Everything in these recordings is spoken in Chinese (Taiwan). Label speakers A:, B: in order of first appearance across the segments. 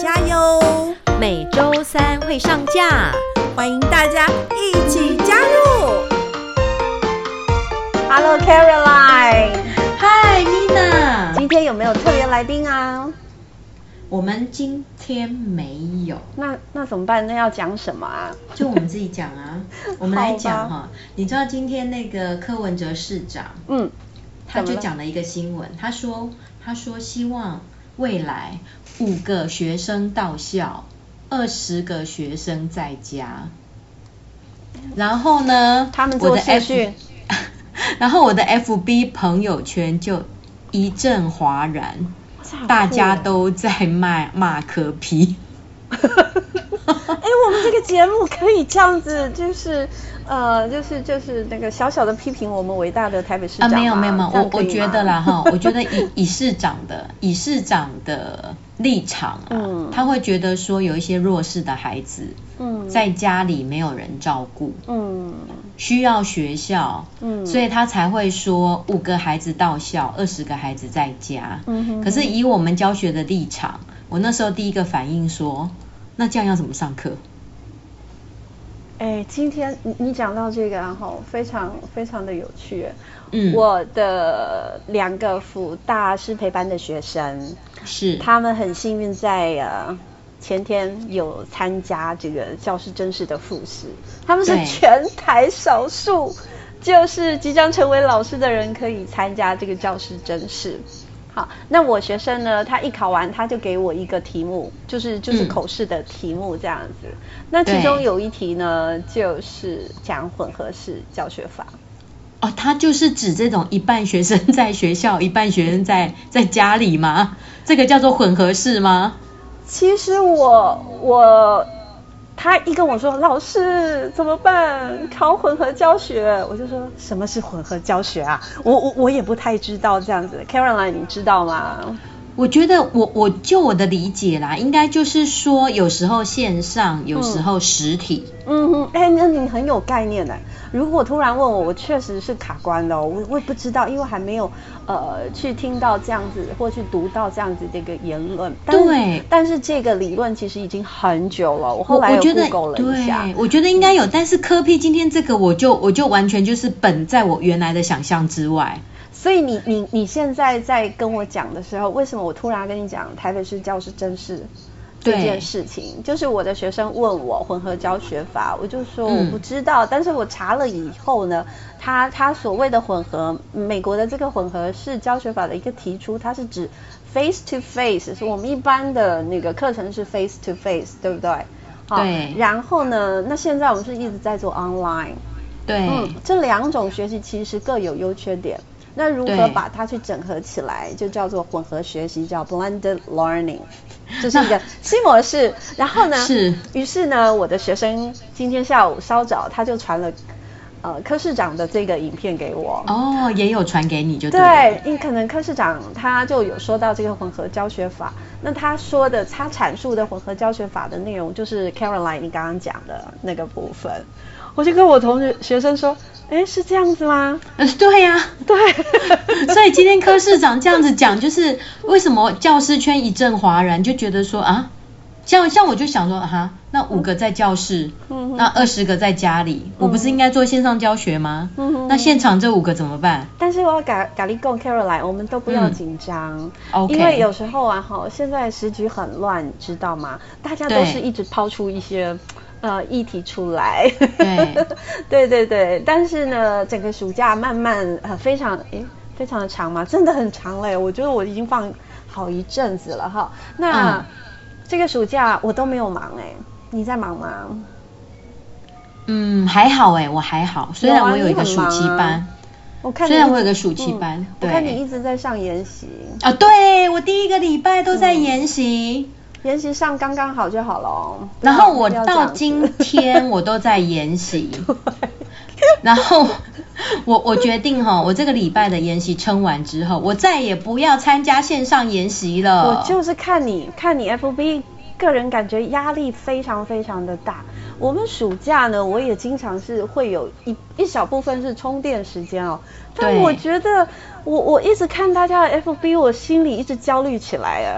A: 加油！每週三會上架，歡迎大家一起加入。Hello Caroline，Hi Nina，今天有沒有特別來賓啊？我們今天沒有。那那怎麼辦？那要講什麼啊？就我們自己講啊。 我們來講哈、
B: 啊。吧你知道今天那個柯文哲市長，嗯，他就講了一個新聞，他說他說希望未來。五個學生到校，二十個學生在家，然後呢？他們做我的 FB，然後我的 FB 朋友圈就一陣譁然，大家都在罵馬柯 P。 哎，
A: 我們這個節目可以這樣子，就是呃，就是就是那個小小的批評我們偉大的台北市長啊，沒有沒有沒有，我我覺得啦哈， 我覺得
B: 以以市長的，以市長的。立場啊，他會覺得說有一些弱勢的孩子，嗯、在家裡沒有人照顧，嗯、需要學校，嗯、所以他才會說五個孩子到校，二十個孩子在家。嗯、哼哼，可是以我們教學的立場，我那時候第一個反應說，那這樣要怎麼上課？
A: 誒，今天你講到這個然後，非常非常的有趣。嗯、我的兩個輔大師培班的學生是，他們很幸運在呃前天有參加這個教師甄試的複試，他們是全台少數，就是即將成為老師的人可以參加這個教師甄試。好，那我學生呢，他一考完他就給我一個題目，就是就是口試的題目這樣子。嗯、那其中有一題呢，對就是講混合式教學法。
B: 哦，他就是指這種一半學生在學校，一半學生在在家裡嗎？這個叫做混合式嗎？
A: 其實我我他一跟我說老師怎麼辦，搞混合教學，我就說什麼是混合教學啊？我我我也不太知道這樣子，Caroline 你知道嗎？
B: 我覺得我我就我的理解啦，應該就是說有時候線上，有時候實體。
A: 嗯哼，那、嗯、欸、你很有概念的、欸。如果突然問我，我確實是卡關了、哦，我我也不知道，因為還沒有呃去聽到這樣子，或去讀到這樣子這個言論。但對，但是這個理論其實已經很久了，我後來有 Google 了一下我我，
B: 我覺得應該有，嗯、但是柯 P 今天這個，我就我就完全就是本在我原來的想象之外。所以你
A: 你你現在在跟我講的時候，為什麼我突然跟你講台北市教師真是這件事情？對就是我的學生問我混合教學法，我就說我不知道，嗯、但是我查了以後呢，他他所謂的混合，美國的這個混合式教學法的一個提出，它是指 face to face，是我們一般的那個課程是 face to face，對不對？好，對然後呢，那現在我們是一直在做 online，對。嗯，這兩種學習其實各有優缺點。那如何把它去整合起來，對就叫做混合學習，叫 blended learning，這是一個新模式。那然後呢，是，於是呢，我的學生今天下午稍早他就傳了。呃，柯市長的這個影片給我
B: 哦，也有傳給你就對。
A: 因可能柯市長他就有說到這個混合教學法，那他說的他闡述的混合教學法的內容，就是 Caroline 你剛剛講的那個部分，我就
B: 跟我同學學生說，哎，是這樣子嗎？對呀、呃，對、啊。對 所以今天柯市長這樣子講，就是為什麼教師圈一陣譁然，就覺得說啊。像像我就想說哈、啊，那五個在教室，嗯、那二十個在家裡，嗯、我不是應該做線上教學嗎？嗯嗯、那現場這五個怎麼辦？
A: 但是我要趕趕緊跟 Carol 來，Caroline, 我們都不要緊張。O K、嗯。Okay, 因為有時候啊哈，現在時局很亂，知道嗎？大家都是一直拋出一些對呃議題出來。對呵呵對對對，但是呢，整個暑假慢慢呃非常誒、欸、非常的長嘛，真的很長嘞。我覺得我已經放好一陣子了哈。那。嗯這個暑假我都沒有忙哎、欸，你在忙嗎？嗯，
B: 還好哎、欸，我還好，雖然我有一個暑期班，啊啊、我看雖然我有個暑期班，我看
A: 你一直在上研習啊，對，我第一個禮
B: 拜都在研習，嗯、研習
A: 上剛剛好就好咯就了，然後我到今
B: 天我都在研習。 然後我我決定哈，我這個禮拜的研習撐完之後，我再也不要參加線上研習了。我就
A: 是看你看你 FB，個人感覺壓力非常非常的大。我們暑假呢，我也經常是會有一一小部分是充電時間哦。但我覺得對我我一直看大家的 FB，我心裡一直焦慮起來啊，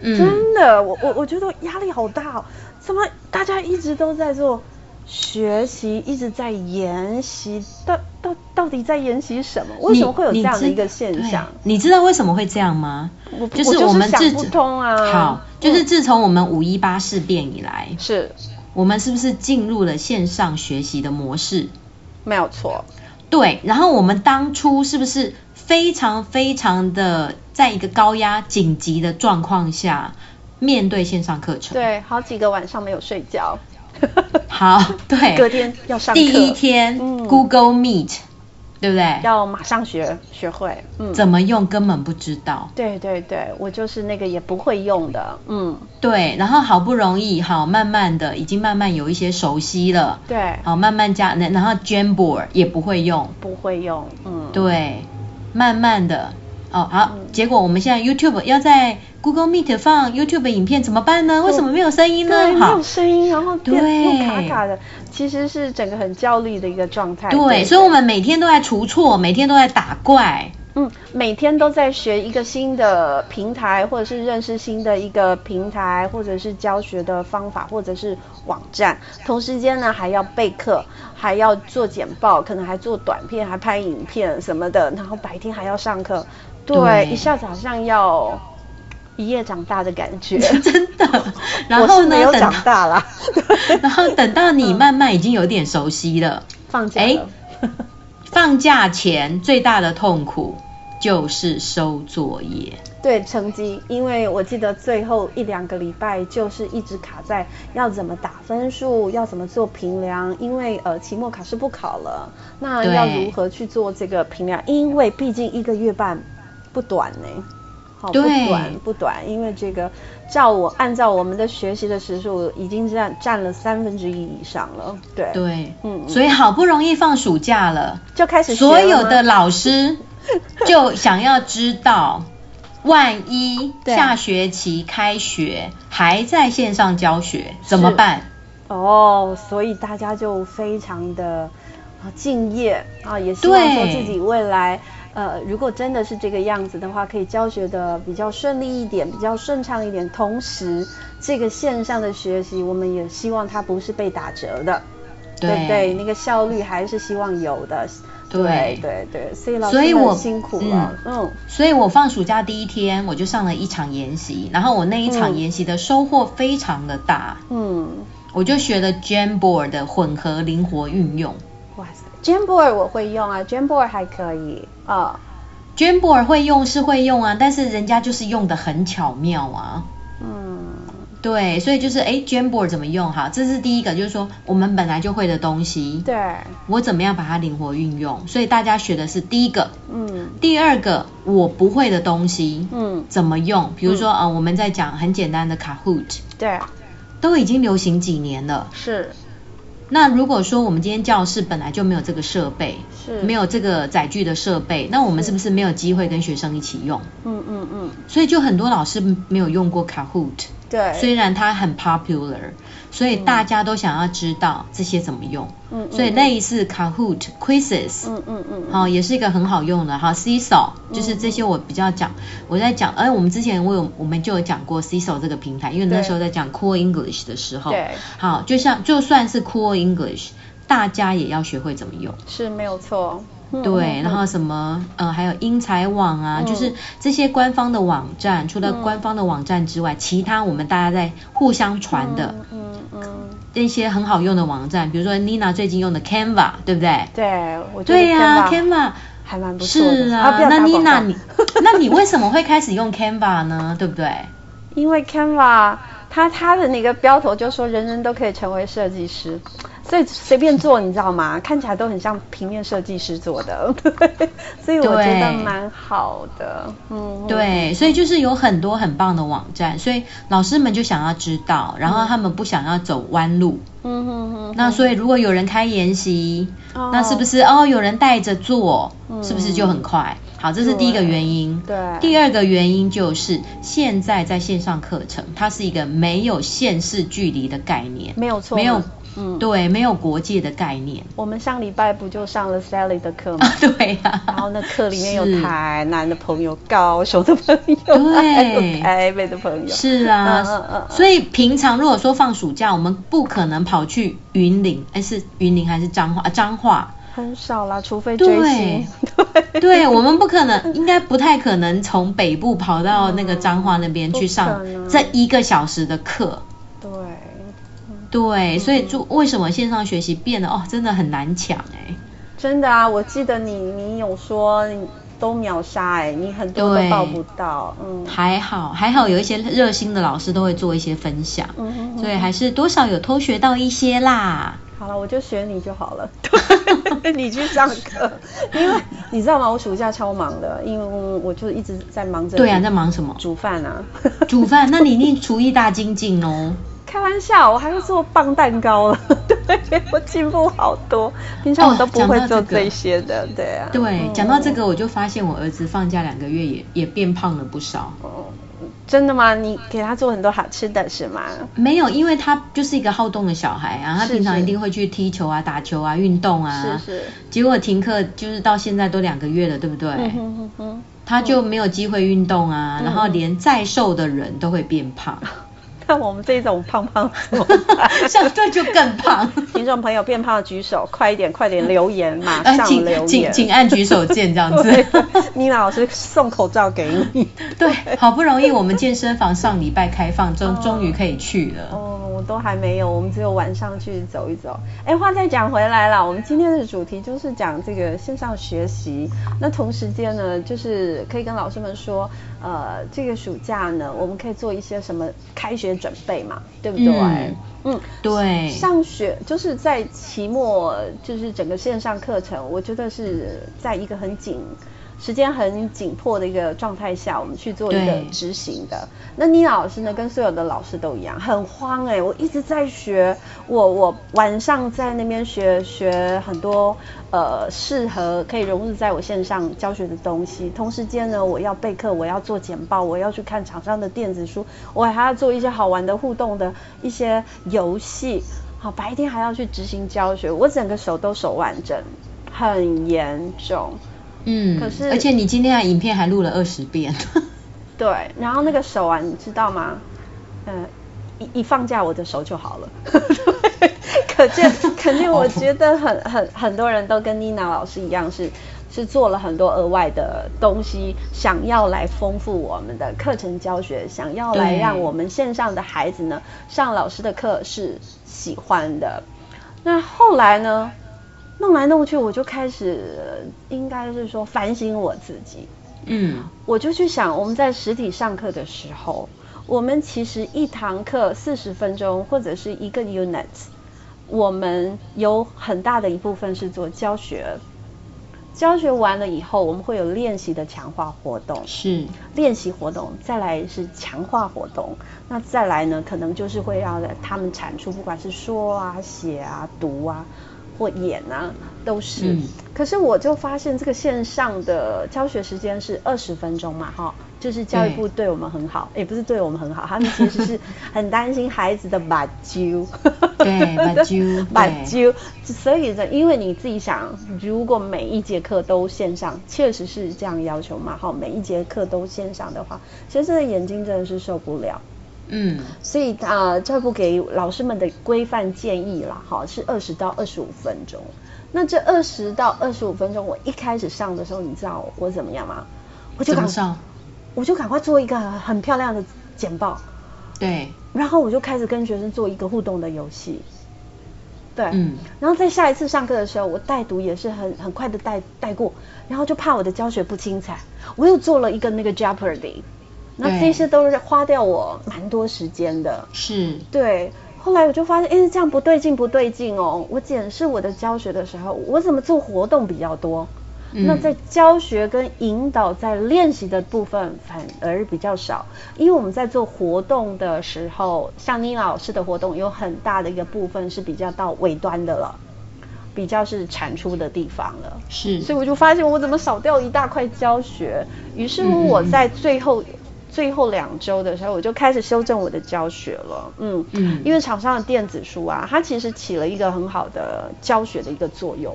A: 嗯、
B: 真
A: 的，我我我覺得壓力好大哦。怎麼大家一直都在做？學習一直在研習，到到到底在研習什麼？為什麼會有這樣的一個現象？
B: 你，你，知你知道為什麼會這樣嗎？我
A: 就是我們自我，我就是想不通
B: 啊。好，就是自從我們五一八事變以來，是、嗯，我們是不是進入了線上學習的模式？沒有錯。對，然後我們當初是不是非常非常的在一個高壓緊急的狀況下，面對線上課程？
A: 對，好幾個晚上沒有睡覺。
B: 好，對，隔
A: 天要上課，第一天、
B: 嗯、Google Meet，對不對？
A: 要馬上學
B: 學會，嗯、怎麼用根本不知道。
A: 對對對，我就是那個也不會用的。嗯，
B: 對，然後好不容易好，慢慢的已經慢慢有一些熟悉了。嗯、對，好，慢慢加，然後 Jamboard 也不會用，
A: 不會用。嗯，對，
B: 慢慢的。哦，好。結果我們現在 YouTube 要在 Google Meet 放 YouTube 影片怎麼辦呢？哦、為什麼沒有聲音呢？對好沒有聲
A: 音，然後對，卡卡的，對其實是整個很焦慮的一個狀態。對，對對，所以我
B: 們每天都在除錯，每天都在打怪。嗯，每天
A: 都在學一個新的平台，或者是認識新的一個平台，或者是教學的方法，或者是網站。同時間呢，還要備課，還要做簡報，可能還做短片，還拍影片什麼的。然後白天還要上課。對，對一下子好像要一夜長大的感覺，真的。然後呢， 我是沒有長大
B: 了， 然後等到你慢慢已經有點熟悉了。嗯、放假放假，前最大的痛苦就是收作業、
A: 對成績，因為我記得最後一兩個禮拜就是一直卡在要怎麼打分數，要怎麼做評量，因為呃期末考試不考了，那要如何去做這個評量？對因為，畢竟一個月半，不短呢，欸，好，oh, 對不短不短，因為這個，照我按照我們的學習的時數，已經佔佔了三分之一以上了，對對，嗯，嗯，所以好
B: 不容易放暑假了，就開始所有的老師就想要知道， 萬一下學期開學對還在線上教學是怎麼辦？
A: 哦，oh, 所以大家就非常的敬業啊，oh, 也希望說自己未來。呃，如果真的是這個樣子的話，可以教學得比較順利一點，比較順暢一點。同時，這個線上的學習，我們也希望它不是被打折的，
B: 對對、
A: 對？那個效率還是希望有的。對對對、對，所以老師很辛苦了，
B: 嗯。嗯，所以我放暑假第一天，我就上了一場研習，然後我那一場研習的收穫非常的大，嗯，嗯，我就學了 Jamboard 的混合靈活運用。
A: Jamboard 我會用啊 Jamboard 還可以啊
B: Jamboard 會用是會用啊，但是人家就是用的很巧妙啊，嗯，對，所以就是哎 Jamboard 怎麼用？好，這是第一個，就是說我們本來就會的東西，對，我怎麼樣把它靈活運用？所以大家學的是第一個，嗯，第二個我不會的東西，嗯，怎麼用？比如說啊、嗯呃，我們在講很簡單的 Kahoot 對，都已經流行幾年了，是。那如果說我們今天教室本來就沒有這個設備，是沒有這個載具的設備，那我們是不是沒有機會跟學生一起用？嗯嗯嗯。嗯嗯，所以就很多老師沒有用過 Kahoot。對。雖然它很 popular。所以大家都想要知道這些怎麼用、嗯，嗯嗯、所以類似 Kahoot, Quizizz，嗯嗯嗯，嗯嗯好，也是一個很好用的，好，Seesaw，、嗯、就是這些我比較講，嗯、我在講，哎、欸，我們之前我有我們就有講過 Seesaw 這個平台，因為那時候在講 Cool English 的時候，對，好，就像就算是 Cool English，大家也要學會怎麼用
A: 對，是沒有錯。對，然後
B: 什麼，呃，還有因材網啊，嗯、就是這些官方的網站。除了官方的網站之外，嗯、其他我們大家在互相傳的，嗯嗯，那、嗯嗯、些很好用的網站，比如說 Nina 最近用的 Canva，對不對？對，
A: 我覺得 Canva 還蠻多的。啊 Canva，
B: 是啊，那 Nina 你，那你為什麼會開始用 Canva 呢？對不對？因
A: 為 Canva。他他的那個標頭就說人人都可以成為設計師，所以隨便做，你知道嗎？看起來都很像平面設計師做的，
B: 所以我覺得蠻
A: 好的。對嗯
B: 哼，對，所以就是有很多很棒的網站，所以老師們就想要知道，然後他們不想要走彎路。嗯哼哼,哼。那所以如果有人開研習，那是不是哦,哦有人帶着做，是不是就很快？嗯好，這是第一個原因。對。對第二個原因就是現在在線上課程，它是一個沒有縣市距離的概念。沒有錯，沒有，嗯，對，沒有國界的概念。我們
A: 上禮拜不就上了 Sally 的課嗎？啊、對呀、啊。然後那課裡面有台南是的朋友，
B: 高雄的朋友，對，台
A: 北的朋友。是啊。嗯嗯嗯、所
B: 以平常如果說放暑假，我們不可能跑去雲林，哎，是雲林還是彰化？啊，彰化。
A: 很少啦，除非追星。對，
B: 對，對，對我們不可能， 應該不太可能從北部跑到那個彰化，那邊去上這一個小時的課。對。對，對嗯、哼所以就為什麼線上學習變得哦，真的很難搶哎、欸。
A: 真的啊，我記得你，你有說你都秒殺哎、欸，你很多都報不到。對嗯，還好，
B: 還好有一些熱心的老師都會做一些分享，嗯、
A: 哼哼所以還是
B: 多少有偷學到一些啦。
A: 好了，我就選你就好了。 你去上課， 因為你知道嗎？我暑假超忙的，因為我就一直在忙着、啊。對啊，在忙什
B: 麼？煮飯啊！ 煮飯，那你一定廚藝大精進哦。
A: 開玩笑，我還會做磅蛋糕了。 對，我進步好多。平常我都不會、哦這個、做這些的，對啊。對，講到這
B: 個，嗯、我就發現我兒子放假兩個月也也變胖了不少。哦。
A: 真的嗎？你給他做很多好吃的是嗎？
B: 沒有，因為他就是一個好動的小孩啊，是是，他平常一定會去踢球啊、打球啊、運動啊。是是。結果停課就是到現在都兩個月了，對不對？嗯、哼哼哼他就沒有機會運動啊，嗯、然後連再瘦的人都會變胖。嗯
A: 像我們這種胖胖
B: 的， 像這
A: 就更胖。 聽眾朋友變胖的舉手，快一點，快
B: 點留言，馬上留言。請請、呃、按舉手鍵這樣子。妮 娜老師 送口罩給你。對，對，好不容易我們健身房上禮拜開放， 終終於可以去了。哦
A: 哦我都還沒有，我們只有晚上去走一走。哎，話再講回來了，我們今天的主題就是講這個線上學習。那同時間呢，就是可以跟老師們說，呃，這個暑假呢，我們可以做一些什麼開學準備嘛，對不對？嗯，嗯對。上學就是在期末，就是整個線上課程，我覺得是在一個很緊。時間很緊迫的一個狀態下，我們去做一個執行的。對那倪老師呢？跟所有的老師都一樣，很慌哎、欸！我一直在學，我我晚上在那邊學學很多呃，適合可以融入在我線上教學的東西。同時間呢，我要備課，我要做簡報，我要去看廠商的電子書，我還要做一些好玩的互動的一些遊戲。好，白天還要去執行教學，我整個手都手腕症，很嚴重。.
B: 嗯，可是而且你今天的影片還錄了二十遍？
A: 對，然後那個手啊，你知道嗎？嗯、呃，一一放假我的手就好了， 可見肯定我覺得很 很很，很多人都跟妮娜老師一樣是，是是做了很多額外的東西，想要來豐富我們的課程教學，想要來讓我們線上的孩子呢上老師的課是喜歡的。那後來呢？弄來弄去，我就開始、呃、應該是說反省我自己。嗯，我就去想，我們在實體上課的時候，我們其實一堂課四十分鐘或者是一個 unit，我們有很大的一部分是做教學。教學完了以後，我們會有練習的強化活動。是。練習活動，再來是強化活動。那再來呢？可能就是會讓他們產出，不管是說啊、寫啊、讀啊。或演啊都是，嗯、可是我就發現這個線上的教學時間是二十分鐘嘛，哈，就是教育部對我們很好，對也不是對我們很好，他們其實是很擔心孩子的把揪，對，蠻把揪。 蛛對所以呢，因為你自己想，如果每一節課都線上，確實是這樣要求嘛，哈，每一節課都線上的話，其實眼睛真的是受不了。嗯，所以他啊，再不給老師們的規範建議啦，好，是二十到二十五分鐘。那這二十到二十五分鐘，我一開始上的時候，你知道我怎麼樣嗎？上我就趕，我就趕快做一個很漂亮的簡報，對，然後我就開始跟學生做一個互動的遊戲，對，嗯，然後在下一次上課的時候，我帶讀也是很很快的帶帶過，然後就怕我的教學不精彩，我又做了一個那個 Jeopardy 那這些都是花掉我蠻多時間的，是對。後來我就發現，哎、欸，這樣不對勁，不對勁哦！我檢視我的教學的時候，我怎麼做活動比較多，嗯、那在教學跟引導在練習的部分反而比較少，因為我們在做活動的時候，像倪老師的活動，有很大的一個部分是比較到尾端的了，比較是產出的地方了。是，所以我就發現我怎麼少掉一大塊教學，於是乎我在最後。最後兩週的時候，我就開始修正我的教學了，嗯，嗯，因為廠商的電子書啊，它其實起了一個很好的教學的一個作用，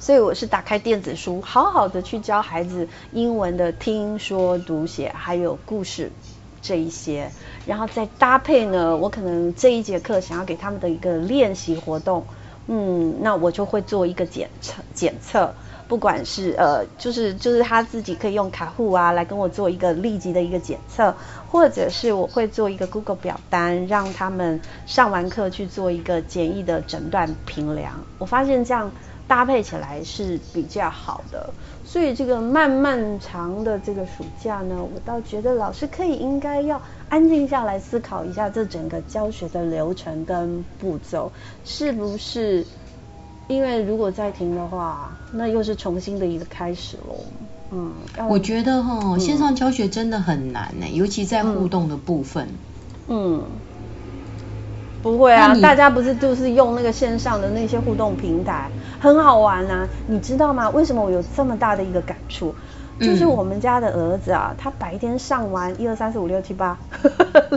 A: 所以我是打開電子書，好好的去教孩子英文的聽說讀寫，還有故事這一些，然後再搭配呢，我可能這一節課想要給他們的一個練習活動，嗯，那我就會做一個檢測，檢測。不管是呃，就是就是他自己可以用卡戶啊來跟我做一個立即的一個檢測，或者是我會做一個 Google 表單，讓他們上完課去做一個簡易的診斷評量。我發現這樣搭配起來是比較好的。所以這個漫漫長的這個暑假呢，我倒覺得老師可以應該要安靜下來思考一下，這整個教學的流程跟步驟是不是？因為如果再停的話，那又是重新的一個開始嘍。嗯，我覺
B: 得哈、哦，嗯、線上教學真的很難呢、欸，尤其在互動的部分。嗯，
A: 不會啊，你大家不是就是用那個線上的那些互動平台，很好玩啊。你知道嗎？為什麼我有這麼大的一個感觸？
B: 就是我
A: 們家的兒子啊，他白天上完一二三四五六七八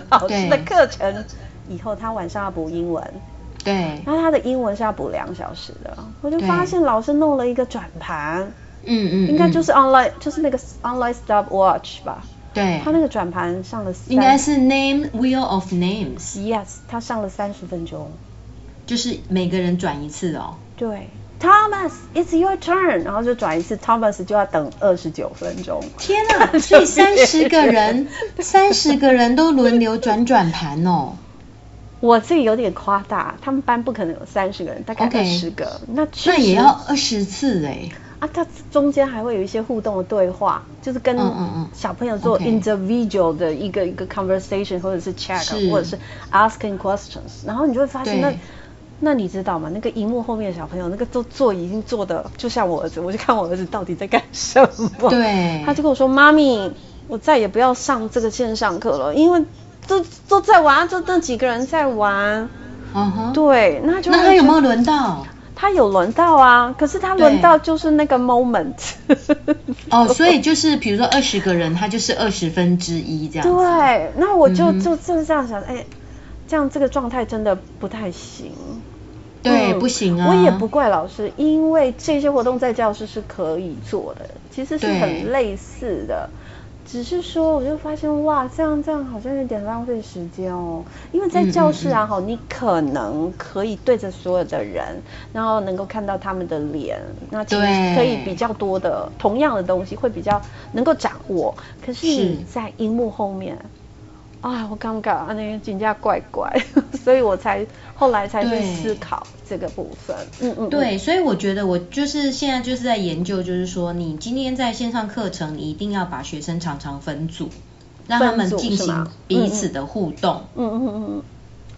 A: 老師的課程，對以後他晚上要補英文。對，然後他的英文是要補兩小時的，我就發現老師弄了一個轉盤，嗯嗯，嗯應該就是 online、嗯、就是那個 online stopwatch 吧，對，他那個轉盤上了，應該是
B: name wheel of names，yes，他上了三十分鐘，就是每個人轉一次哦，對
A: ，Thomas，it's your turn，然後就轉一次，Thomas 就要等二十九分鐘，天啊，
B: 所以三十個人，三十 個人都輪流轉轉盤哦。
A: 我自己有點誇大，他們班不可能有三十個人，大概二十個。Okay, 那這也要
B: 二十次哎、
A: 欸、啊！他中間還會有一些互動的對話，就是跟小朋友做 individual 的一個嗯嗯、okay、一個 conversation，或者是 chat，是或者是 asking questions。然後你就會發現，對那那你知道嗎？那個熒幕後面的小朋友，那個坐坐已經坐的，就像我兒子，我就看我兒子到底在幹什麼。對，他就跟我說：“媽咪，我再也不要上這個線上課了，因為。”都都在玩，就那幾個人在玩。嗯、uh huh. 對，那就。那他有沒有輪到？他有輪到啊，可是他輪到就是那個 moment。哦
B: ，oh, 所以就是比如說二十個人，他就是二十分之一這樣子。對，
A: 那我就就正這樣想，哎、嗯欸，這樣這個狀態真的不太行。
B: 對，嗯、不行啊。我也不
A: 怪老師，因為這些活動在教室是可以做的，其實是很類似的。只是說，我就發現哇，這樣這樣好像有點浪費時間哦。因為在教室啊，哈、嗯嗯嗯，你可能可以對着所有的人，然後能夠看到他們的臉，那其實可以比較多的對同樣的東西會比較能夠掌握。可是你在熒幕後面，啊是，我剛剛那邊鏡架怪怪，所以我才後來才去思考。這個部分，嗯嗯、嗯，對，所以我
B: 覺得我就是現在就是在研究，就是說你今天在線上課程，一定要把學生常常分組，讓他們進行彼此的互動，嗯嗯嗯，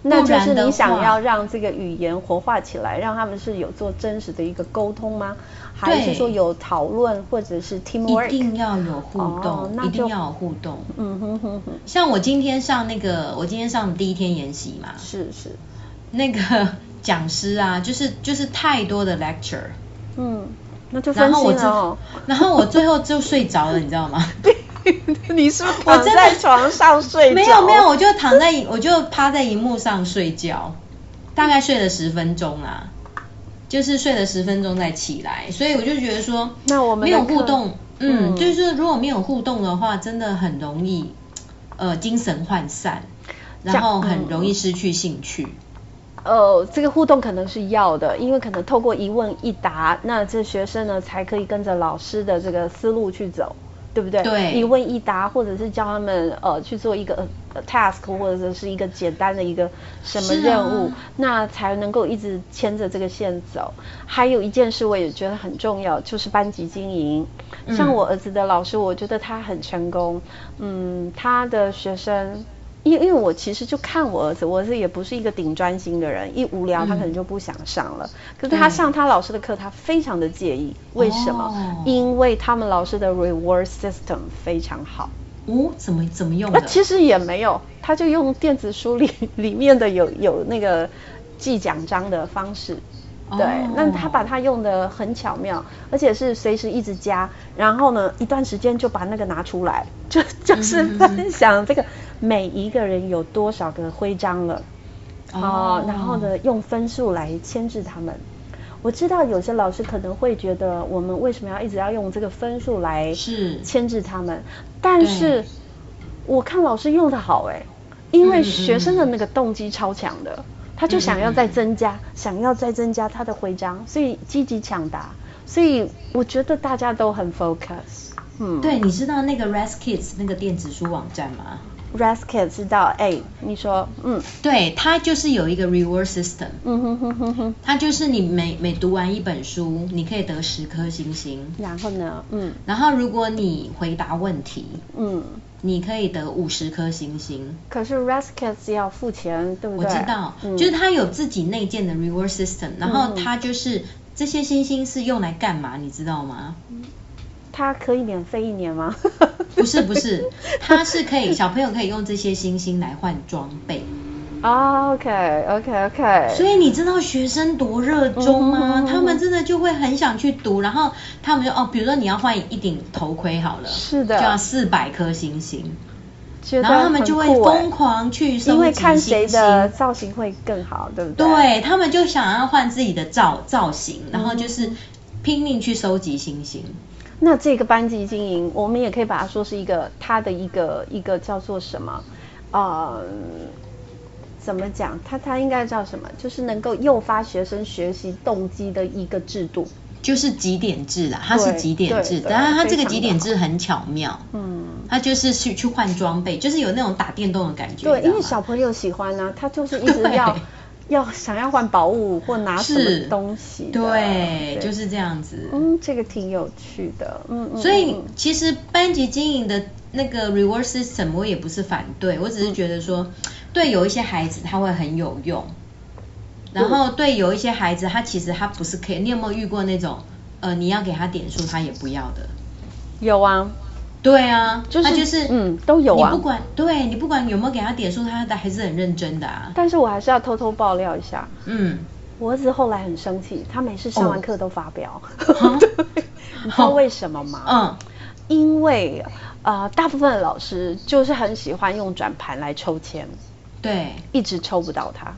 B: 那不然你想要
A: 讓這個語言活化起來，讓他們是有做真實的一個溝通嗎？還是說有討論或者是 teamwork，一定
B: 要有互動，哦、一定要有互動，嗯哼哼哼、哼。像我今天上那個，我今天上第一天研習嘛，是是，那個。講師啊，就是就是太多的 lecture，嗯，那就、哦、然後我最然後我最後就睡着了， 你知道嗎？你是不是躺在
A: 床上睡着？沒有沒有，我就躺在
B: 我就趴在螢幕上睡覺， 大概睡了十分鐘啊，就是睡了十分鐘再起來，所以我就覺得說，那我們沒有互動，嗯，嗯就是如果沒有互動的話，真的很容易呃精神渙散，然後很容易失去興趣。
A: 呃，這個互動可能是要的，因為可能透過一問一答，那這學生呢才可以跟着老師的這個思路去走，對不對？對。一問一答，或者是叫他們呃去做一個 task，或者是一個簡單的一個什麼任務，啊、那才能夠一直牽着這個線走。還有一件事，我也覺得很重要，就是班級經營。嗯、像我兒子的老師，我覺得他很成功。嗯，他的學生。因因為我其實就看我兒子，我兒子也不是一個頂專心的人，一無聊他可能就不想上了。嗯、可是他上他老師的課，嗯、他非常的介意。為什麼？哦、因為他們老師的 reward system 非常好。
B: 哦，怎麼怎麼用？那其
A: 實也沒有，他就用電子書裡裡面的有有那個記獎章的方式。對，哦、那他把它用得很巧妙，而且是隨時一直加，然後呢，一段時間就把那個拿出來，就就是分享這個。嗯嗯每一個人有多少個徽章了？哦，oh, 然後呢，哇用分數來牽制他們。我知道有些老師可能會覺得，我們為什麼要一直要用這個分數來是牽制他們？是但是對我看老師用得好哎，因為學生的那個動機超強的，嗯嗯他就想要再增加，嗯嗯想要再增加他的徽章，所以積極搶答。所以我覺得大家都很 focus 嗯， 對，你知
B: 道那個 Raz Kids 那個電子書網站嗎？Raz-Kids 知道哎、欸，你說，嗯，對，它就是有一個 reward system，嗯哼哼哼哼，它就是你每每讀完一本書，你可以得十顆星星，然後呢，嗯，然後如果你回答問題，嗯，你可以得五十顆星星。可是 Raz-Kids 是要付錢，對不對？我知道，就是它有自己內建的 reward system，、嗯、然後它就是這些星星是用來幹嘛，你知道嗎？嗯
A: 它可以免費一年嗎？
B: 不是不是，它是可以小朋友可以用這些星星來換裝備。Oh, OK OK OK。所以你知道學生多熱衷嗎、啊？Mm hmm. 他們真的就會很想去讀，mm hmm. 然後他們就哦，比如說你要換一頂頭盔好了，是的，就要四百顆星星。覺得 然後他們就會瘋狂去收集星星，因為看誰的
A: 造型會更好，對不對？對，
B: 他們就想要換自己的造造型，然後就是拼命去收集星星。
A: 那這個班級經營，我們也可以把它說是一個，它的一個一個叫做什麼？呃，怎麼講？它它應該叫什麼？就是能夠誘發學生學習動機的一個制度，
B: 就是集點制啦，它是集點制？當然，它這個集點制很巧妙。嗯，它就是去去換裝備，就是有那種打電動的感覺。對，對，因
A: 為小朋友喜歡啊，他就是一直要。要想要換寶物或拿什麼東西，對，對，就是這樣子。嗯，這個挺有趣的。嗯嗯。所以
B: 其實班級經營的那個 reward system 我也不是反對，我只是覺得說，對有一些孩子他會很有用，嗯、然後對有一些孩子他其實他不是可以。你有沒有遇過那種呃你要給他點數他也不要的？有啊。對啊，就是、就是、嗯都有、啊，你不管對，你不管有沒有給他點數，他的還是很認真的、啊。
A: 但是我還是要偷偷爆料一下。嗯，我兒子後來很生氣，他每次上完課都發飆、哦。 你知道為什麼嗎？哦、嗯，因為呃大部分的老師就是很喜歡用轉盤來抽籤，對，一直抽不到他。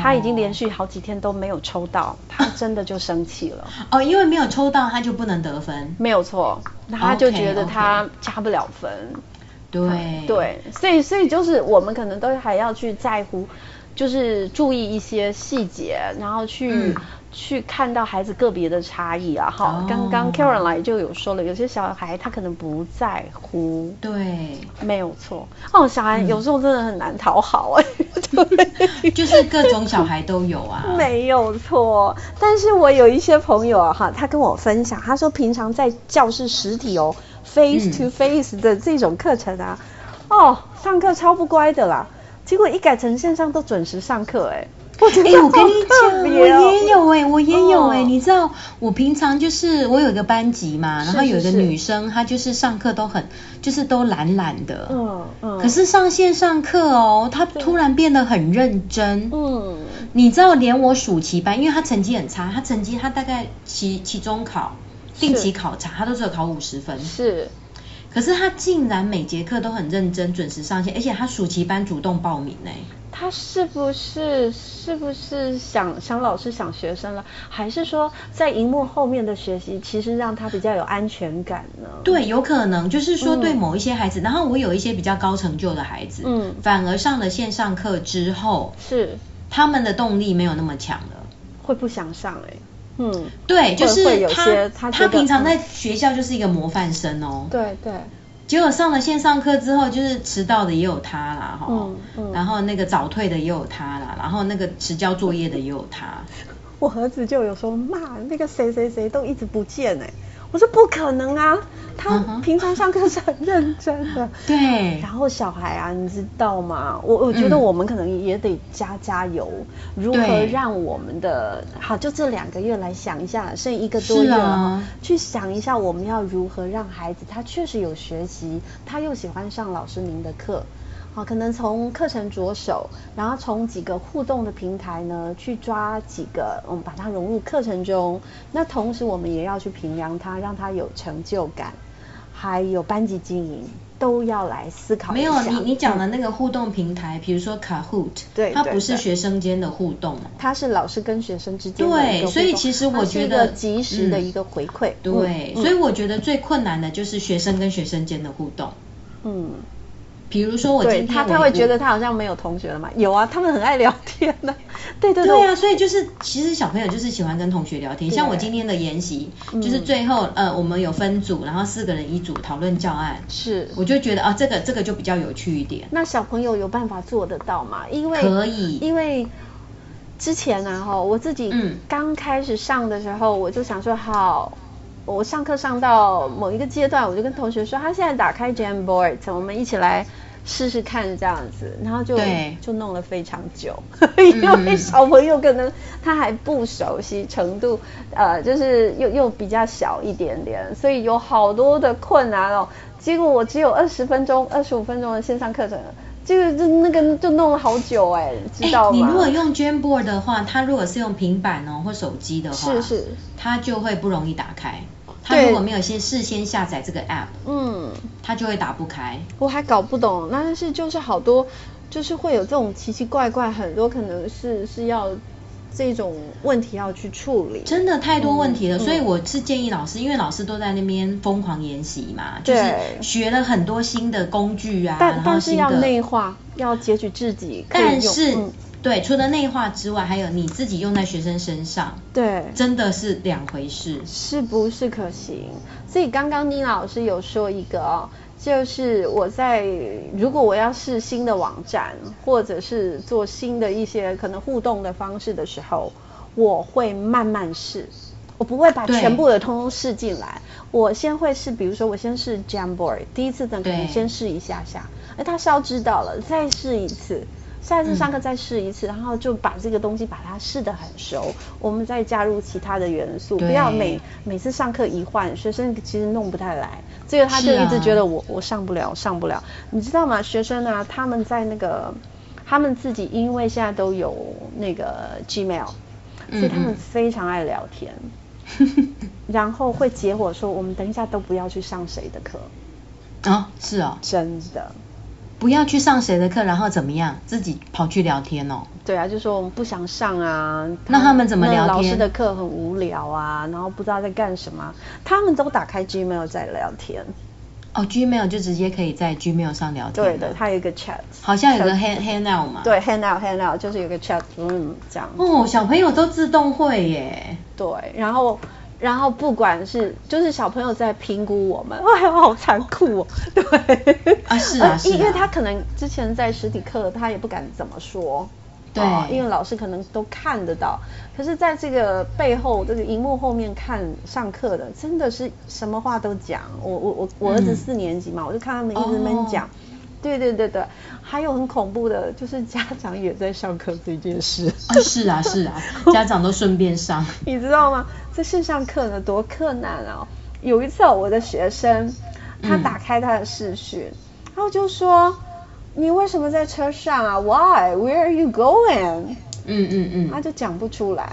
A: 他已經連續好幾天都沒有抽到，他真的就生
B: 氣了。 哦，因為沒有抽到，他就不能得分。沒有錯，他就覺得他加不了分。Okay, okay. 嗯、對
A: 對，所以所以就是我們可能都還要去在乎，就是注意一些細節，然後去、嗯、去看到孩子個別的差異啊。好，哦、剛剛 Karen 來就有說了，有些小孩他可能不在乎。對，沒有錯。哦，小孩有時候真的很難討好哎、欸。嗯 就是各種小孩都有啊， 沒有錯。但是我有一些朋友哈、啊，他跟我分享，他說，平常在教室實體哦、嗯、face to face 的這種課程啊，哦，上課超不乖的啦，結果一改
B: 成線上都準時上課哎、欸。哎、哦欸，我跟你講，我也有哎、欸，我也有哎、欸，哦、你知道，我平常就是我有一個班級嘛，是是是，然後有一個女生，是是，她就是上課都很，就是都懶懶的，嗯嗯，可是上線上課哦，她突然變得很認真，對嗯、你知道，連我暑期班，因為她成績很差，她成績她大概期期中考定期考查，她都是有考五十分，是，是，可是她竟然每節課都很認真，準時上線，而且她暑期班主動報名呢、欸。
A: 他是不是是不是想想老師想學生了，還是說在熒幕後面的學習，其實讓他比較有安全感呢？對，有
B: 可能就是說對某一些孩子，嗯、然後我有一些比較高成就的孩子，嗯，反而上了線上課之後，是他們的動力沒有那麼強了，
A: 會不想上哎、欸，嗯，對，會就是他他,他,他平常在
B: 學校就是一個模範生哦，對、嗯、對。對結果上了線上課之後，就是遲到的也有他啦，哈，嗯，嗯，然後那個早退的也有他啦，然後那個遲交作業的也有他。
A: 我兒子就有說，媽，那個誰誰誰都一直不見哎、欸。我說不可能啊！他平常上課是很認真的，uh huh. 嗯、對。然後小孩啊，你知道嗎？我我覺得我們可能也得加加油，嗯、如何讓我們的對好？就這兩個月來想一下，剩一個多月了，啊、去想一下我們要如何讓孩子他確實有學習，他又喜歡上老師您的課。好、哦，可能從課程着手，然後從幾個互動的平台呢，去抓幾個，我、嗯、們把它融入課程中。那同時我們也要去評量它，讓它有成就感，還有班
B: 級經營都要來思考一下。沒有，你你講的那個互動平台，嗯、比如說 Kahoot，對，它不是學生間的互動，
A: 它是老師跟學生之間的互動。對，所以其實我覺得及時的一個回饋。嗯、對，嗯、所以
B: 我覺得最困難的就是學生跟學生間的互動。嗯。
A: 嗯
B: 比如說我今天我，他他會覺得他
A: 好像沒有同學了嘛？
B: 有啊，他們很愛聊天的、啊，對對對。對啊，我所以就是其實小朋友就是喜歡跟同學聊天。對像我今天的研習，對就是最後呃我們有分組，然後四個人一組討論教案。是。我就覺得啊，這個這個就比較有趣一點。
A: 那小朋友有辦法做得到嗎？因為可以，因為之前啊，哈，我自己剛開始上的時候，嗯、我就想說好。我上課上到某一個階段，我就跟同學說：“他現在打開 Jamboard，我們一起來試試看這樣子。”然後就對就弄了非常久， 因為小朋友可能他還不熟悉程度，嗯、呃，就是又又比較小一點點，所以有好多的困難哦。結果我只有二十分鐘、二十五分鐘的線上課程。這個就那個就弄了好久哎、欸，知道嗎？欸、你如果
B: 用 Jamboard 的話，它如果是用平板哦或手機的話，是、是，它就會不容易打開。它如果沒有先對事先下載這個 App，嗯，它就會打不開。嗯、我
A: 還搞不懂，那但是就是好多，就是會有這種奇奇怪怪，很多可能是是要。這種問題要去處理，真的太多問題了，嗯、所以我
B: 是建議老師，嗯、因為老師都在那邊瘋狂研習嘛，對就是學了很多新的工具啊，但，然後但是要內
A: 化，要截取自己。但是、嗯、
B: 對，除了內化之外，還有你自己用在學生身上，對，真的是兩回事，
A: 是不是可行？所以剛剛倪老師有說一個哦。就是我在如果我要試新的網站，或者是做新的一些可能互動的方式的時候，我會慢慢試，我不會把全部的通通試進來。對我先會試，比如說我先試 Jamboard，第一次等可,可能先試一下下，哎對，他稍微知道了，再試一次。下一次上課再試一次，嗯、然後就把這個東西把它試的很熟。我們再加入其他的元素，對不要每每次上課一換，學生其實弄不太來。這個他就一直覺得我、啊、我上不了，上不了。你知道嗎？學生呢、啊，他們在那個他們自己因為現在都有那個 Gmail，、嗯
B: 嗯、所以他們
A: 非常愛聊天。 然後會結果說，我們等一下都不要去上誰的課
B: 啊？是啊，真的。不要去上誰的課，然後怎麼樣？自己跑去聊天哦。
A: 對啊，就說我們不想上啊。他那他們怎麼聊天？老師的課很無聊啊，然後不知道在幹什麼。他們都打開 Gmail 在聊天。
B: 哦，Gmail 就直接可以在 Gmail 上聊天。對的，它有一個 chat，好像有個 hand chat handout 嘛。對
A: ，handout handout 就是有個 chat room 這樣。哦，小朋友
B: 都自動會耶。對，
A: 對，然後。然後不管是就是小朋友在評估我們，哇、哦，還好殘酷哦，對，
B: 啊是啊，因為他
A: 可能之前在實體課他也不敢怎麼說，對，因為老師可能都看得到，可是在這個背後這個熒幕後面看上課的真的是什麼話都講，我我我我兒子四年
B: 級嘛，嗯、我就看他們一直在那邊講，哦、對
A: 對對對，還有很恐怖的就是家長
B: 也在上課這件事，啊是啊是啊，是啊 家長都順便上，
A: 你知道嗎？在線上課呢，多困難啊！有一次、哦，我的學生他打開他的視訊，嗯、然後就說：“你為什麼在車上啊？Why? Where are you going？” 嗯嗯嗯，嗯嗯他就講不出來。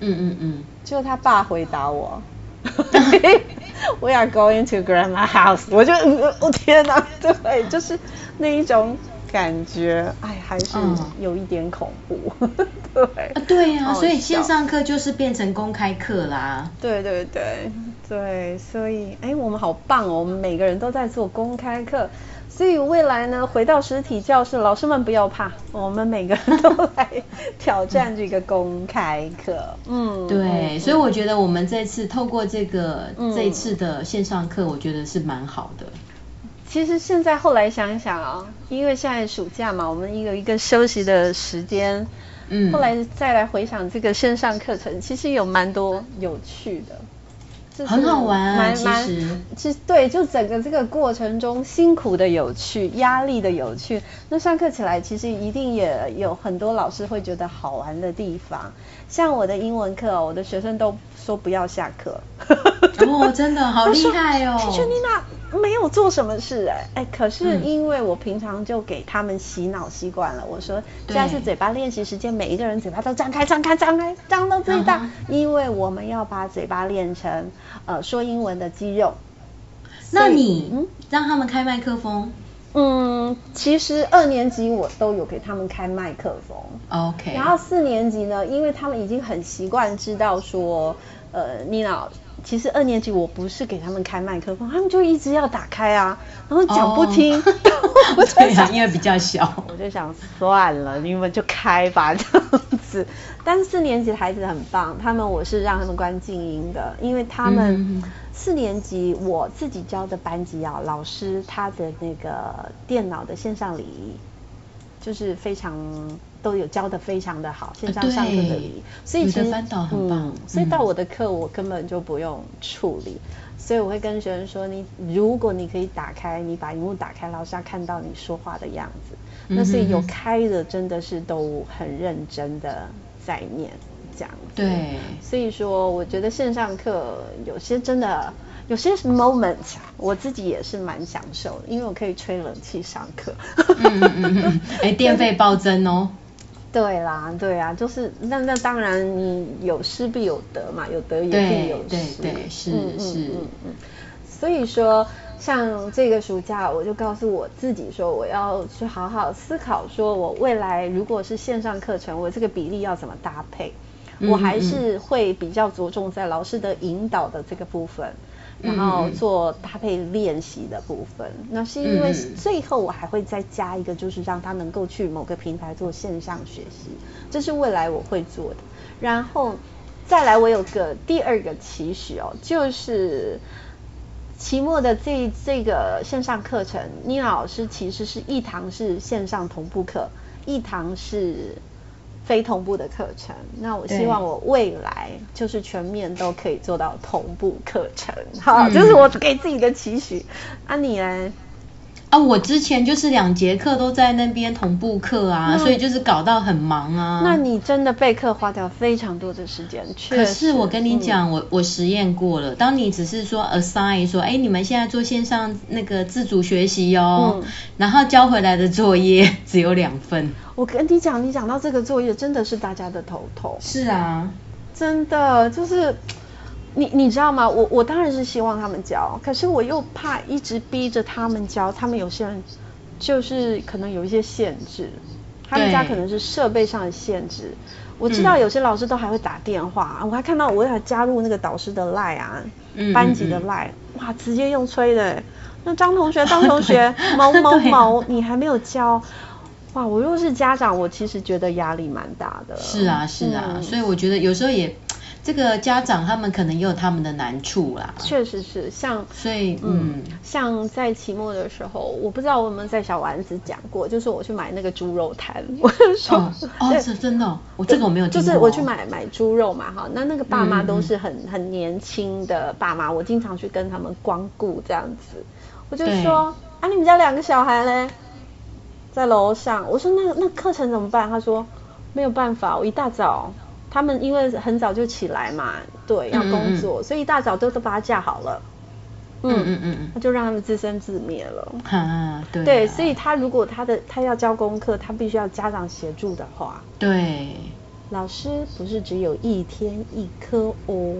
A: 嗯嗯
B: 嗯，
A: 就、嗯嗯、他爸回答我 ：“We are going to grandma' house。” 我就我、嗯哦、天哪，對，就是那一種。感覺哎，還是有一點恐怖，
B: 嗯、 對，啊、對呀、啊，哦、所以線上課就是變成公開課啦，對
A: 對對對，對所以哎，我們好棒哦，我們每個人都在做公開課，所以未來呢，回到實體教室，老師們不要怕，我們每
B: 個人都來挑戰這個公開
A: 課，嗯，對，嗯、所以我覺
B: 得我們這次透過這個、嗯、這次的線上課，我覺得是蠻好的。
A: 其實現在後來想一想啊、哦，因為現在暑假嘛，我們也有一
B: 個休息的
A: 時間，嗯，後來再來回想這個線上課程，其實有蠻多有趣的，就是、蠻很好玩、啊，蠻蠻其實，其實對，就整個這個過程中辛苦的有趣，壓力的有趣，那上課起來其實一定也有很多老師會覺得好玩的地方。像我的英文課、哦，我的學生都說不要下課，
B: 哦， 真的好厲害
A: 哦，沒有做什麼事哎、欸、哎，可是因為我平常就給他們洗腦習慣了，嗯、我說現在是嘴巴練習時間，對每一個人嘴巴都張開張開張開張到最大，uh huh. 因為我們要把嘴巴練成呃說英文的肌肉。那你、
B: 嗯、讓他們開麥克風？
A: 嗯，其實二年級我都有給他們開麥克風。
B: OK。然
A: 後四年級呢，因為他們已經很習慣知道說呃，你老。其實二年級我不是給他們開麥克風，他們就一直要打開啊，然後講不聽。Oh, 我就想、對啊、因為比較小，我就想算了，你們就開吧這樣子。但是四年級的孩子很棒，他們我是讓他們關靜音的，因為他們四年級我自己教的班級啊，老師他的那個電腦的線上禮儀就是非常。都有教的非常的好，線上上課的禮儀，呃、對所以其實你的班導很棒，嗯、所以到我的課我根本就不用處理，嗯、所以我會跟學生說你，你如果你可以打開，你把熒幕打開，老師要看到你說話的樣子，嗯、哼那所以有開的，真的是都很認真的在念這樣子。對，所以說我覺得線上課有些真的有些 moment，我自己也是蠻享受的，因為我可以吹冷氣上課，
B: 哎，電費暴增哦。
A: 對啦，對啊，就是那那當然，你有失必有得嘛，有得也必有失，對，對，是，是，嗯嗯，嗯，所以說像這個暑假，我就告訴我自己說，我要去好好思考，說我未來如果是線上課程，我這個比例要怎麼搭配，嗯，我還是會比較着重在老師的引導的這個部分。然後做搭配練習的部分，嗯、那是因為最後我還會再加一個，就是讓他能夠去某個平台做線上學習，這是未來我會做的。然後再來，我有個第二個期許哦，就是期末的這這個線上課程，妮娜老師其實是一堂是線上同步課，一堂是。非同步的課程，那我希望我未來就是全面都可以做到同步課程，嗯、好，這、就是我給自己的期許。那、啊、你呢？
B: 啊，我之前就是兩節課都在那邊同步課啊，那所以就是搞到很忙啊。那
A: 你真的備課花掉非常多的時間，確實。可是我跟你講，
B: 嗯、我我實驗過了，當你只是說 assign 說，哎，你們現在做線上那個自主學習哦，嗯、然後交回來的作業只有兩份。我跟你講，
A: 你講到這個作業真的是大家的頭痛。是啊，真的就是。你你知道嗎？我我當然是希望他們交，可是我又怕一直逼着他們交，他們有些人就是可能有一些限制，
B: 對他們家可
A: 能是設備上的限制。我知道有些老師都還會打電話，嗯、我還看到我還加入那個導師的 line，、啊、嗯嗯嗯班級的 line，哇，直接用催的。那張同學，張同學，啊、某某某，啊、你還沒有交？哇，我若是家長，我其實
B: 覺得壓力蠻大的。是啊，是啊，嗯、所以我覺得有時候也。這個家長他們可能也有他們的難處啦，
A: 確實是，像，所以嗯，像在期末的時候，我不知道我有沒有在小丸子講過，就是我去買那個豬肉攤，我
B: 說哦，哦對是真的、哦，對我這個我沒有聽過，就是我
A: 去買買豬肉嘛哈，那那個爸媽都是很、嗯、很年輕的爸媽，我經常去跟他們光顧這樣子，
B: 我就說
A: 對啊，你們家兩個小孩嘞，在樓上，我說那那課程怎麼辦？他說沒有辦法，我一大早。他們因為很早就起來嘛，對，要工作，嗯嗯，所以一大早都都把他架好了，
B: 嗯
A: 嗯，嗯嗯，那就讓他們自生自滅了。嗯嗯、啊，對、啊，對，所以他如果他的他要教功課，他必須要家長協助的話，對，老師不是只有一天一科哦，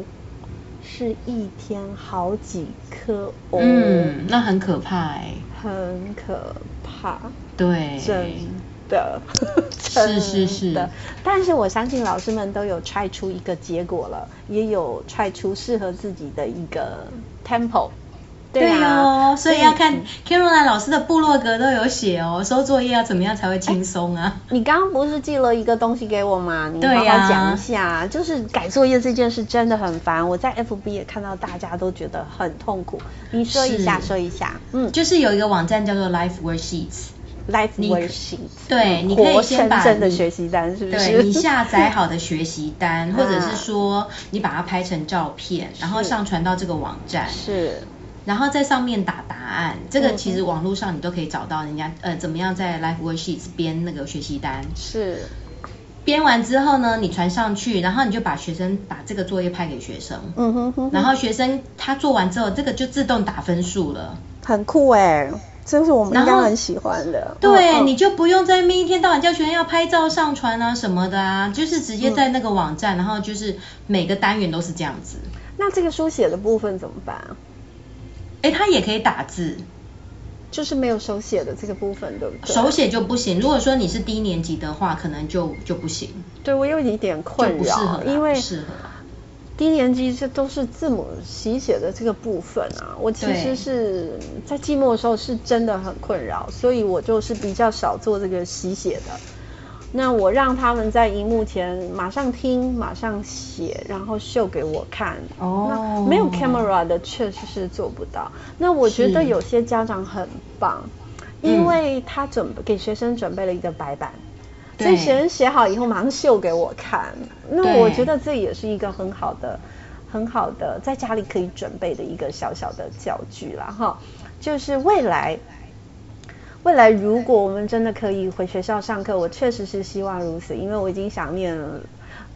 A: 是一天好幾科哦，嗯，
B: 那很可怕哎、欸，
A: 很可怕，對，真。 的，是是是的，但是我相信老師們都有 try 出一個結果了，也有 try
B: 出適合自己的一個 tempo 對啊，對、哦，所以要看 Caroline 老師的部落格都有寫哦，收作業要怎麼樣才會輕鬆啊？欸、你剛剛不是寄了一個東西給我嗎？你幫我講一
A: 下，對啊、就是改作業這件事真的很煩，我在 FB 也看到大家都覺得很痛苦。你說一下，是說一下，嗯，
B: 就是有一個網站叫做 Liveworksheets。life w 來 e 微 s 對，你可以先把真下載的學習單，對，你下載好的學習單，或者是說你把它拍成照片，然後上傳到這個網站，是，然後在上面打答案，這個其實網絡上你都可以找到人家，呃，怎麼樣在 l i f e Worksheets 編那個學習單，是，編完之後呢，你傳上去，然後你就把學生把這個作業拍給學生，嗯哼哼，然後學生他做完之後，這個就自動打分數了，很酷哎。真是我們應該很喜歡的。對，哦、你就不用在那邊一天到晚叫學生要拍照上傳啊什麼的啊，就是直接在那個網站，嗯、然後就是每個單元都是這樣子。
A: 那這個書寫的部分怎麼辦？
B: 哎，它也可以打字，
A: 就是沒有手寫的這個部分，對不對？手寫就不
B: 行。如果說你是低年級的話，可能就就不行。
A: 對，我有一點困擾，不適合，因為適合。低年級這都是字母習寫的這個部分啊，我其實是在寂寞的時候是真的很困擾，所以我就是比較少做這個習寫的。那我讓他們在熒幕前馬上聽，馬上寫，然後秀給我看。哦，oh. 沒有 camera 的確實是做不到。那我覺得有些家長很棒，是因為他準備給學生準備了一個白板。所以寫寫好以後，馬上秀給我看。那我覺得這也是一個很好的、對很好的在家裡可以準備的一個小小的教具啦哈。然後就是未來，未來如果我們真的可以回學校上課，我確實是希望如此，因為我已經想念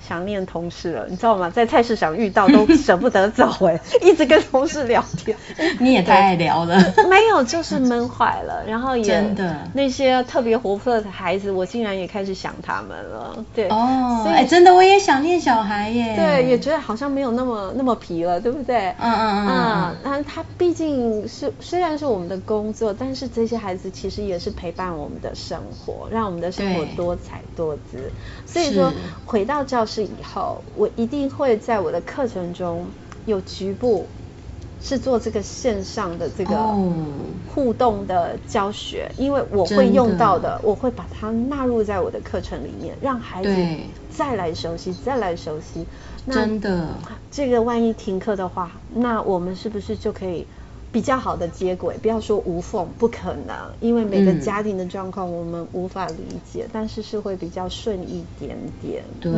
A: 想念同事了，你知道嗎？在菜市場遇到都捨不得走哎、欸， 一直跟同事聊天。你也太愛聊了。對 沒有，就是悶壞了。然後也真的那些特別活潑的孩子，我竟然也開始想他們了。對哦，哎以、欸，真的，我也想念小孩耶。對，也覺得好像沒有那麼那麼皮了，對不對？嗯嗯嗯。嗯，那他畢竟是雖然是我們的工作，但是這些孩子其實也是陪伴我們的生活，讓我們的生活多彩多姿。對所以說回到教。是以後，我一定會在我的課程中有局部是做這個線上的這個互動的教學，因為我會用到的，真的我會把它納入在我的課程裡面，讓孩子再來熟悉，對再來熟悉。那真的，這個萬一停課的話，那我們是不是就可以？比較好的接軌，不要說無縫，不可能，因為每個家庭的狀況我們無法理解，嗯、但是是會比較順一點點。對，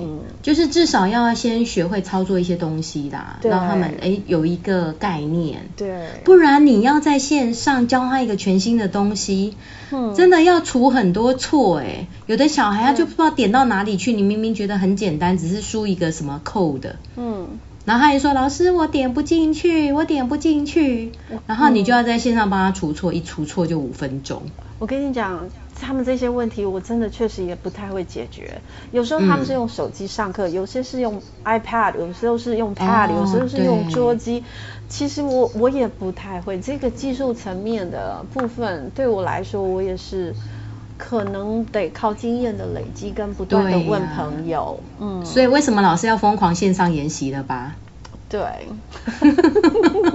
A: 嗯、
B: 就是至少要先學會操作一些東西的、啊，讓對他們哎、欸、有一個概念。對，不然你要在線上教他一個全新的東西，對真的要出很多錯哎、欸。有的小孩他就不知道點到哪裡去，對你明明覺得很簡單，只是輸一個什麼 code，嗯。然後他也說：“老師，我點不進去，我點不進去。”然後你就要在線上幫他除錯，嗯、一除錯就五分鐘。
A: 我跟你講，他們這些問題我真的確實也不太會解決。有時候他們是用手機上課，嗯、有些是用 iPad，有時候是用 Pad，、哦、有時候是用桌機。對其實我我也不太會這個技術層面的部分，對我來說我也是。可能得靠經驗的累積，跟不斷的問朋
B: 友。啊、嗯，所以為什麼老師要瘋狂線上研習了吧？
A: 對，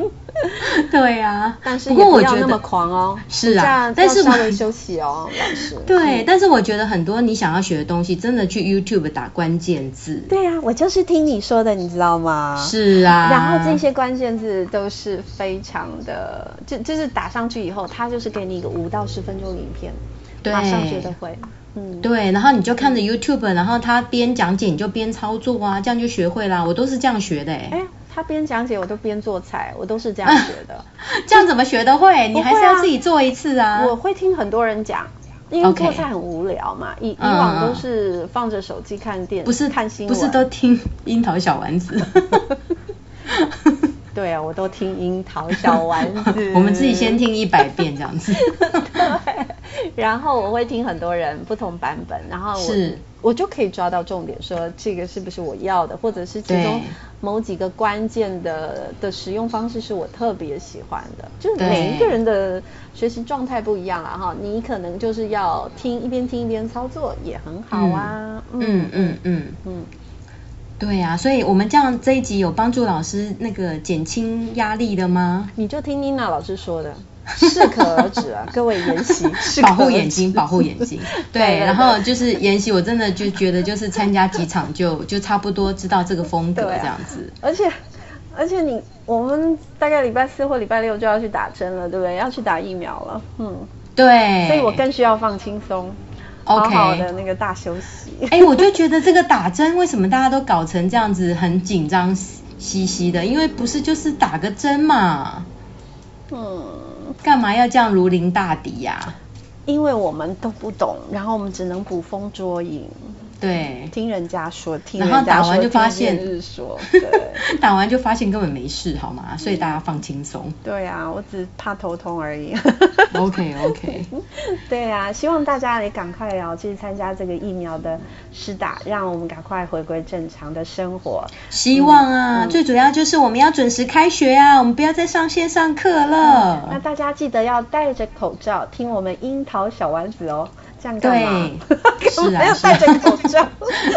A: 對呀、啊。但是不要那麼
B: 狂哦。是啊，但是稍微休
A: 息哦，老師實。對，嗯、
B: 但是我覺得很多你想要學的東西，真的去 YouTube 打關鍵字。對啊，我就是聽你說的，你知道嗎？是啊。然後這些
A: 關鍵字都是非常的，就就是打上去以後，它就是給你一個五到十分鐘影片。對馬上學得會。嗯，對，
B: 然後你就看着 YouTube，然後他邊講解你就邊操作啊，這樣就學會啦。我都是這樣學的、欸。哎、
A: 欸，他邊講解我都邊做菜，我都是這樣學
B: 的。啊、這樣怎麼學得會？ 你還是要自己做一次啊。會啊，我
A: 會聽很多人講，因為做菜很無聊嘛，Okay 以、以往都是放着手機看電，嗯啊、看不是看新聞，不是都
B: 聽櫻桃小丸子。
A: 對啊，我都聽櫻桃小丸子。 我們自己先聽一百遍
B: 這樣子。 對。
A: 然後我會聽很多人不同版本，然後我是我就可以抓到重點說，說這個是不是我要的，或者是其中某幾個關鍵的對的使用方式是我特別喜歡的。就是每一個人的學習狀態不一樣了對哈，你可能就是要聽一邊聽一邊操作也很好啊。嗯嗯
B: 嗯嗯，對啊，所以我們這樣這一集有幫助老師那個減輕壓力的嗎？你就聽 Nina 老師說的。適可而止啊，各位研習。 保護眼睛，保護眼睛。對， 對對對，然後就是研習，我真的就覺得就是參加幾場就就差不多知道這個風格這樣子。
A: 啊、而且而且你我們大概禮拜四或禮拜六就要去打針了，對不對？要去打疫苗了，
B: 嗯，對，所以
A: 我更需要放輕鬆，
B: 好好的
A: 那個大休
B: 息。哎、okay，我就覺得這個打針為什麼大家都搞成這樣子很緊張兮兮的？因為不是就是打個針嘛，嗯。幹嘛要這樣如臨大敵呀、啊？
A: 因為我們都不懂，然後我們只能捕風捉影。
B: 對聽，聽人家說，然後打完就發現，說對 打完就發現根本沒事，好嗎？所以大家放輕鬆。嗯、
A: 對啊，我只怕頭痛而已。
B: OK OK。
A: 對啊，希望大家也趕快要、哦、去參加這個疫苗的施打，讓我們趕快回歸正常的生活。希望啊，嗯、最主要
B: 就是我們要準時開學啊，嗯、我們不要再上線上課了、啊。那
A: 大家記得要戴着口罩，聽我們英桃小玩子哦。這樣對，是啊，戴著口罩，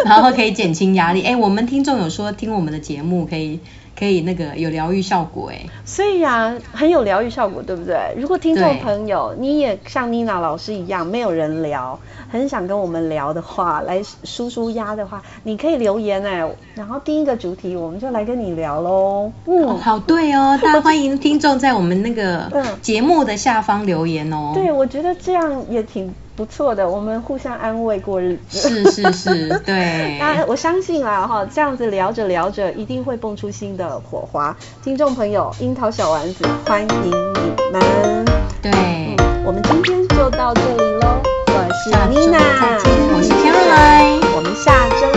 A: 然後可
B: 以減輕壓力。哎、欸，我們聽眾有說聽我們的節目可以可以那個有療癒效果哎，
A: 雖然、啊、很有療癒效果，對不對？如果聽眾朋友對你也像 Nina 老師一樣沒有人聊，很想跟我們聊的話，來舒舒壓的話，你可以留言哎、欸，然後訂一個主題，我們就來跟你聊嘍。
B: 嗯，哦、好對哦，大家歡迎聽眾在我們那個節目的下方留言哦、 嗯。對，
A: 我覺得這樣也挺。不錯的，我們互相安慰過日子。是
B: 是是，對。當然
A: 我相信啊，哈，這樣子聊着聊着，一定會蹦出新的火花。聽眾朋友，英桃小玩子，歡迎你們。對、嗯，我們今天就到這裡嘍。我是妮娜下，我是天潤來，我們下周。